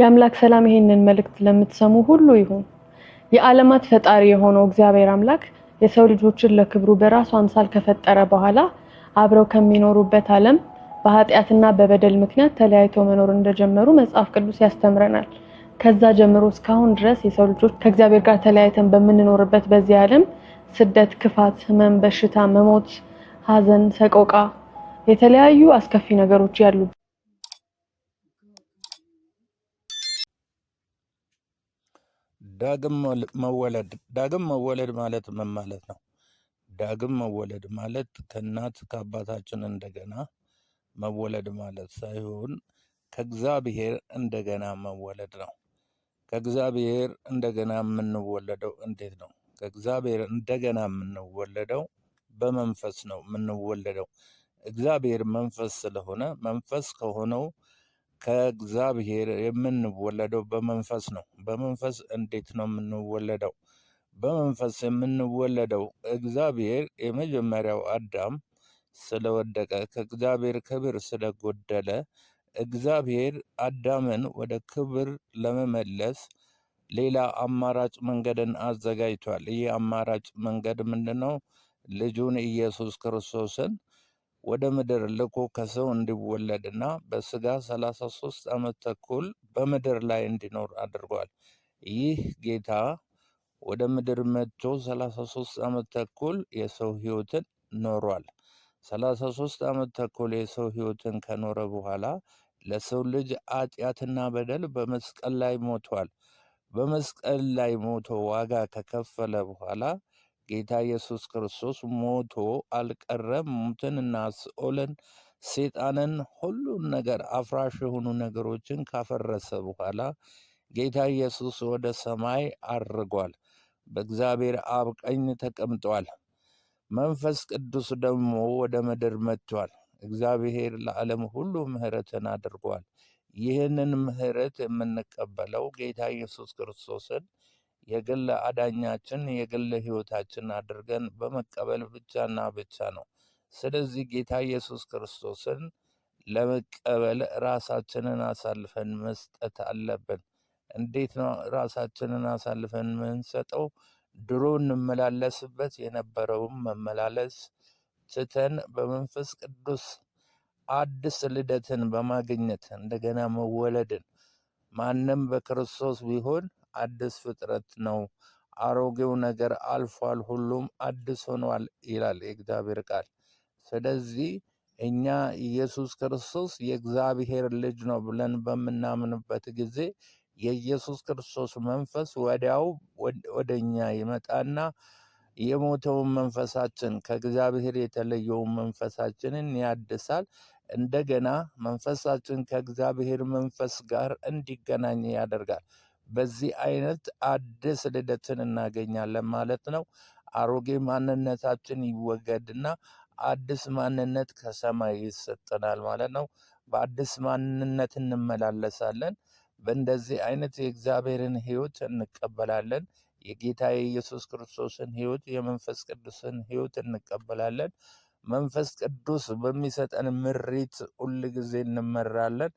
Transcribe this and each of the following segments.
የአምላክ ሰላም ይሄንን መልእክት ለምትሰሙ ሁሉ ይሁን። የዓለማት ፈጣሪ የሆነው እግዚአብሔር አምላክ የሰው ልጆችን ለክብሩ በራሱ አምሳል ከፈጠረ በኋላ አብረው ከሚኖሩበት ዓለም በኃጢአትና በበደል ምክንያት ተለያይተው መኖር እንደጀመሩ መጽሐፍ ቅዱስ ያስተምረናል። ከዛ ጀምሮ እስካሁን ድረስ የሰው ልጆች ከእግዚአብሔር ጋር ተለያይተን በምንኖርበት በዚህ ዓለም ስደት፣ ክፋት፣ ህመም በሽታ፣ መሞት፣ ሐዘን፣ ሰቆቃ የተለያዩ አስከፊ ነገሮች ያሉ ዳግም መወለድ ዳግም መወለድ ማለት ምን ማለት ነው? ዳግም መወለድ ማለት ከእናት ከአባታችን እንደገና መወለድ ማለት ሳይሆን ከእግዚአብሔር እንደገና መወለድ ነው። ከእግዚአብሔር እንደገና የምንወለደው እንዴት ነው? ከእግዚአብሔር እንደገና የምንወለደው በመንፈስ ነው የምንወለደው። እግዚአብሔር መንፈስ ስለሆነ መንፈስ ከሆነው ከእግዚአብሔር የምንወለደው በመንፈስ ነው። በመንፈስ እንዴት ነው የምንወለደው? በመንፈስ የምንወለደው እግዚአብሔር የመጀመሪያው አዳም ስለወደቀ ከእግዚአብሔር ክብር ስለጎደለ እግዚአብሔር አዳምን ወደ ክብር ለመመለስ ሌላ አማራጭ መንገድን አዘጋጅቷል። ይህ አማራጭ መንገድ ምንድን ነው? ልጁን ኢየሱስ ክርስቶስን ወደ ምድር ልኮ ከሰው እንዲወለድና በስጋ 33 ዓመት ተኩል በምድር ላይ እንዲኖር አድርጓል። ይህ ጌታ ወደ ምድር መጥቶ 33 ዓመት ተኩል የሰው ህይወትን ኖሯል። 33 ዓመት ተኩል የሰው ህይወትን ከኖረ በኋላ ለሰው ልጅ አጢአትና በደል በመስቀል ላይ ሞቷል። በመስቀል ላይ ሞቶ ዋጋ ከከፈለ በኋላ ጌታ ኢየሱስ ክርስቶስ ሞቶ አልቀረም። ሙትንና ሲኦልን ሴጣንን፣ ሁሉን ነገር አፍራሽ የሆኑ ነገሮችን ካፈረሰ በኋላ ጌታ ኢየሱስ ወደ ሰማይ አርጓል። በእግዚአብሔር አብ ቀኝ ተቀምጧል። መንፈስ ቅዱስ ደግሞ ወደ ምድር መጥቷል። እግዚአብሔር ለዓለም ሁሉ ምሕረትን አድርጓል። ይህንን ምሕረት የምንቀበለው ጌታ ኢየሱስ ክርስቶስን የግል አዳኛችን የግል ህይወታችን አድርገን በመቀበል ብቻና ብቻ ነው። ስለዚህ ጌታ ኢየሱስ ክርስቶስን ለመቀበል ራሳችንን አሳልፈን መስጠት አለብን። እንዴት ነው ራሳችንን አሳልፈን የምንሰጠው? ድሮ እንመላለስበት የነበረውን መመላለስ ትተን በመንፈስ ቅዱስ አዲስ ልደትን በማግኘት እንደገና መወለድን ማንም በክርስቶስ ቢሆን አዲስ ፍጥረት ነው። አሮጌው ነገር አልፏል፣ ሁሉም አዲስ ሆኗል ይላል የእግዚአብሔር ቃል። ስለዚህ እኛ ኢየሱስ ክርስቶስ የእግዚአብሔር ልጅ ነው ብለን በምናምንበት ጊዜ የኢየሱስ ክርስቶስ መንፈስ ወዲያው ወደ እኛ ይመጣና የሞተውን መንፈሳችን ከእግዚአብሔር የተለየውን መንፈሳችንን ያድሳል። እንደገና መንፈሳችን ከእግዚአብሔር መንፈስ ጋር እንዲገናኝ ያደርጋል። በዚህ አይነት አዲስ ልደትን እናገኛለን ማለት ነው። አሮጌ ማንነታችን ይወገድና አዲስ ማንነት ከሰማይ ይሰጠናል ማለት ነው። በአዲስ ማንነት እንመላለሳለን። በእንደዚህ አይነት የእግዚአብሔርን ሕይወት እንቀበላለን። የጌታ የኢየሱስ ክርስቶስን ሕይወት፣ የመንፈስ ቅዱስን ሕይወት እንቀበላለን። መንፈስ ቅዱስ በሚሰጠን ምሪት ሁል ጊዜ እንመራለን።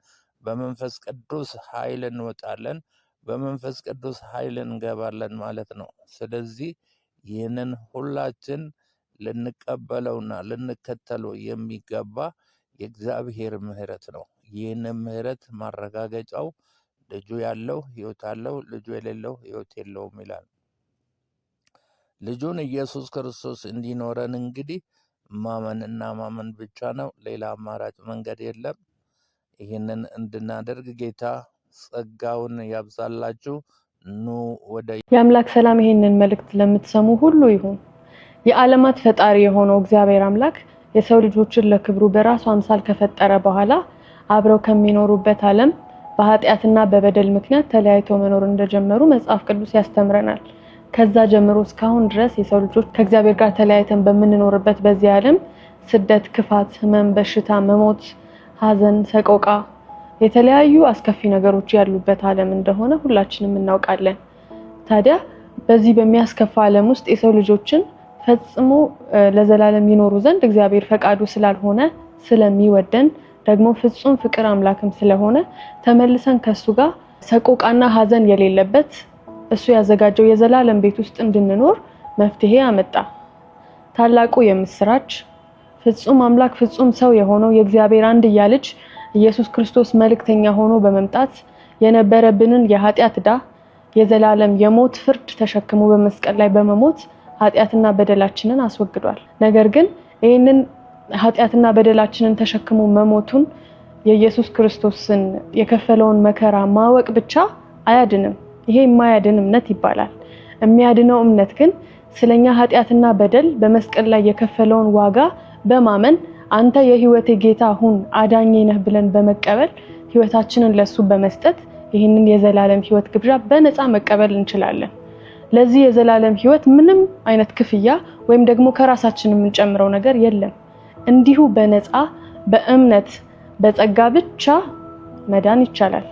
በመንፈስ ቅዱስ ኃይል እንወጣለን። በመንፈስ ቅዱስ ኃይል እንገባለን ማለት ነው። ስለዚህ ይህንን ሁላችን ልንቀበለውና ልንከተለው የሚገባ የእግዚአብሔር ምሕረት ነው። ይህንን ምሕረት ማረጋገጫው ልጁ ያለው ሕይወት አለው፣ ልጁ የሌለው ሕይወት የለውም ይላል። ልጁን ኢየሱስ ክርስቶስ እንዲኖረን እንግዲህ ማመን እና ማመን ብቻ ነው። ሌላ አማራጭ መንገድ የለም። ይህንን እንድናደርግ ጌታ ጸጋውን ያብዛላችሁ። ኑ ወደ የአምላክ ሰላም። ይሄንን መልእክት ለምትሰሙ ሁሉ ይሁን። የዓለማት ፈጣሪ የሆነው እግዚአብሔር አምላክ የሰው ልጆችን ለክብሩ በራሱ አምሳል ከፈጠረ በኋላ አብረው ከሚኖሩበት ዓለም በኃጢአትና በበደል ምክንያት ተለያይተው መኖር እንደጀመሩ መጽሐፍ ቅዱስ ያስተምረናል። ከዛ ጀምሮ እስካሁን ድረስ የሰው ልጆች ከእግዚአብሔር ጋር ተለያይተን በምንኖርበት በዚህ ዓለም ስደት፣ ክፋት፣ ህመም፣ በሽታ፣ መሞት፣ ሐዘን፣ ሰቆቃ የተለያዩ አስከፊ ነገሮች ያሉበት ዓለም እንደሆነ ሁላችንም እናውቃለን። ታዲያ በዚህ በሚያስከፋ ዓለም ውስጥ የሰው ልጆችን ፈጽሞ ለዘላለም ይኖሩ ዘንድ እግዚአብሔር ፈቃዱ ስላልሆነ ስለሚወደን ደግሞ ፍጹም ፍቅር አምላክም ስለሆነ ተመልሰን ከሱ ጋር ሰቆቃና ሐዘን የሌለበት እሱ ያዘጋጀው የዘላለም ቤት ውስጥ እንድንኖር መፍትሄ አመጣ። ታላቁ የምስራች ፍጹም አምላክ ፍጹም ሰው የሆነው የእግዚአብሔር አንድያ ልጅ ኢየሱስ ክርስቶስ መልእክተኛ ሆኖ በመምጣት የነበረብንን የኃጢአት ዕዳ የዘላለም የሞት ፍርድ ተሸክሞ በመስቀል ላይ በመሞት ኃጢአትና በደላችንን አስወግዷል። ነገር ግን ይህንን ኃጢአትና በደላችንን ተሸክሞ መሞቱን የኢየሱስ ክርስቶስን የከፈለውን መከራ ማወቅ ብቻ አያድንም። ይሄ የማያድን እምነት ይባላል። የሚያድነው እምነት ግን ስለኛ ኃጢአትና በደል በመስቀል ላይ የከፈለውን ዋጋ በማመን አንተ የህይወቴ ጌታ ሁን አዳኜ ነህ ብለን በመቀበል ህይወታችንን ለሱ በመስጠት ይህንን የዘላለም ህይወት ግብዣ በነፃ መቀበል እንችላለን። ለዚህ የዘላለም ህይወት ምንም አይነት ክፍያ ወይም ደግሞ ከራሳችን የምንጨምረው ነገር የለም። እንዲሁ በነፃ በእምነት በጸጋ ብቻ መዳን ይቻላል።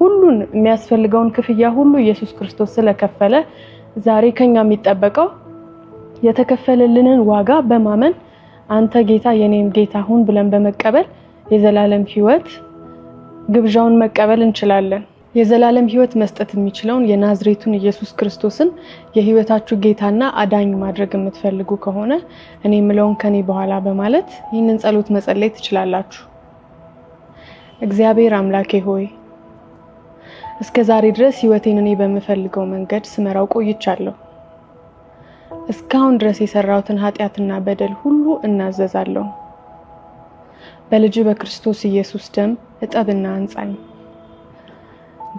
ሁሉን የሚያስፈልገውን ክፍያ ሁሉ ኢየሱስ ክርስቶስ ስለከፈለ ዛሬ ከኛ የሚጠበቀው የተከፈለልንን ዋጋ በማመን አንተ ጌታ የኔም ጌታ ሁን ብለን በመቀበል የዘላለም ህይወት ግብዣውን መቀበል እንችላለን። የዘላለም ህይወት መስጠት የሚችለውን የናዝሬቱን ኢየሱስ ክርስቶስን የህይወታችሁ ጌታና አዳኝ ማድረግ የምትፈልጉ ከሆነ እኔ ምለውን ከኔ በኋላ በማለት ይህንን ጸሎት መጸለይ ትችላላችሁ። እግዚአብሔር አምላኬ ሆይ እስከ ዛሬ ድረስ ህይወቴን እኔ በምፈልገው መንገድ ስመራው ቆይቻለሁ። እስካሁን ድረስ የሰራሁትን ኃጢአትና በደል ሁሉ እናዘዛለሁ። በልጅ በክርስቶስ ኢየሱስ ደም እጠብና አንጻኝ።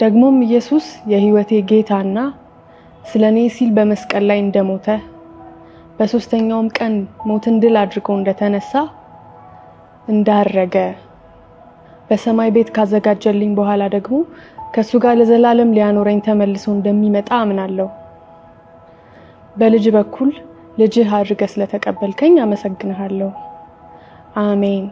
ደግሞም ኢየሱስ የሕይወቴ ጌታና ስለ እኔ ሲል በመስቀል ላይ እንደሞተ በሶስተኛውም ቀን ሞትን ድል አድርጎ እንደተነሳ እንዳረገ በሰማይ ቤት ካዘጋጀልኝ በኋላ ደግሞ ከእሱ ጋር ለዘላለም ሊያኖረኝ ተመልሶ እንደሚመጣ አምናለሁ። በልጅ በኩል ልጅህ አድርገህ ስለተቀበልከኝ አመሰግንሃለሁ። አሜን።